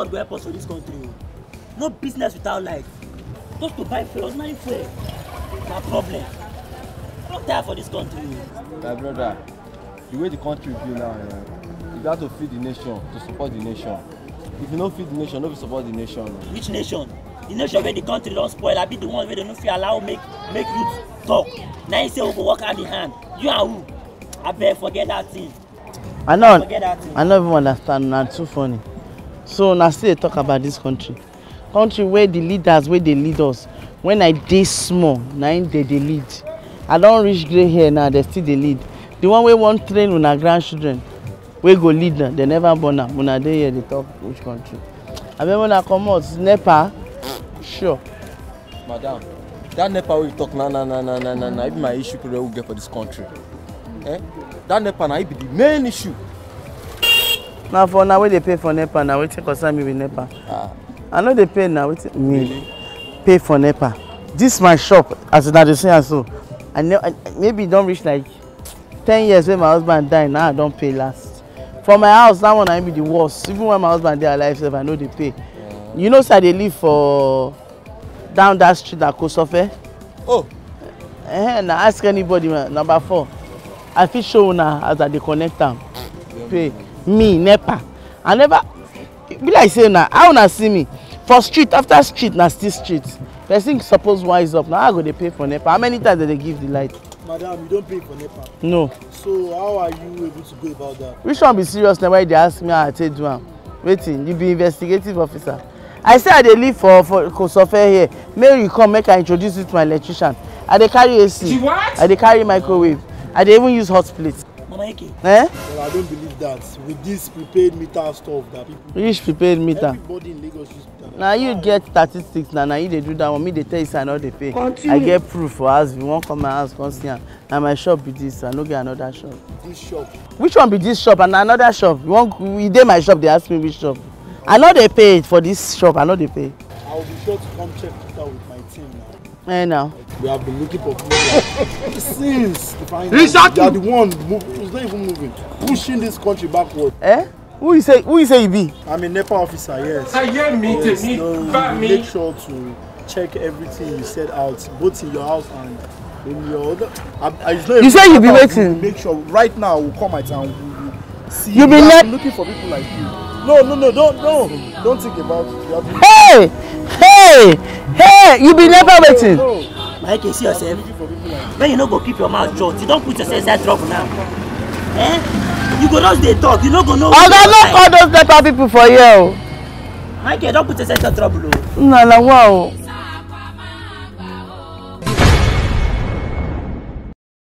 God go help us for this country o no business without life. just to buy fuel ordinary fuel na problem i don tire for this country o. my brother the way the country be now eh you gats to feed the nation to support the nation if you no feed the nation no be support the nation. which nation the nation wey the country don spoil I be the one wey dem no fit allow make make youth talk na him say we go work hand in hand you and who abeg forget that thing. i no i no even understand na too funny so na still dey talk about dis country country wey di leaders wey dey lead us wen i dey small na im dey dey lead i don reach grey hair now dem still dey lead the one wey wan train una grandchildren wey go lead na dem never born am una dey here dey talk which country abeg una comot nepa sure. madam that nepa wey you talk na na na na na na na be my issue wey we get for dis country eh that nepa na e be the main issue Now for now, where they pay for nepa na wetin concern me with nepa ah. i know they pay now. wetin me pay for nepa this my shop as una dey say am so i ne maybe don't reach like ten years wey my husband died. now i don't pay last for my house that one I be the worst even when my husband dey alive sef i know they pay mm. you know say they live for down that street na kosofe oh eh Now ask anybody number four i feel show now as i dey connect am mm. pay. Mm me nepa i never be like say na how una see me for street after street na still street person suppose wise up na how i go dey pay for nepa how many times dem dey give the light. madam you don pay for nepa. no. so how are you able to go about that. which one be serious na why you dey ask me how i take do am wetin you be investigative officer i say i dey live for for kosofe here make you come make i introduce you to my electrician i dey carry ac i dey carry microwave i dey even use hot plate Mike. Eh? Well, I don't believe that with this prepaid meter stuff that people. Use prepaid meter. Everybody in Lagos use that. Now you get statistics na now you they do that one me they tell you say I no dey pay. Continue. I get proof for us. if you wan come my house come see am. Na my shop be this I no get another shop. This shop. Which one be this shop and another shop? You won't. We did my shop They ask me which shop. I no dey pay for this shop I no dey pay. I will be sure to come check it out with my team now. Eh now. Okay. We have been looking for food since the final. Exactly. You are the one who's not even moving, pushing this country backward. Eh? Who you say? Who you say you be? I'm a NEPA officer. Yes. I hear me. Yes. No, me. Make sure to check everything you set out, both in your house and in your other. I, I, you say you be waiting. Make sure right now we'll come at and we'll, we'll see. You be like looking for people like you. No, no, no, don't, no, don't think about. It. Hey, hey, hey! You be never waiting. No, no make you see yourself When you no go keep your mouth shut you don't put yourself inside trouble now eh you go just dey talk you no go know. I oga no call those nepa people for you, o. Don't put yourself in trouble No, no, wow.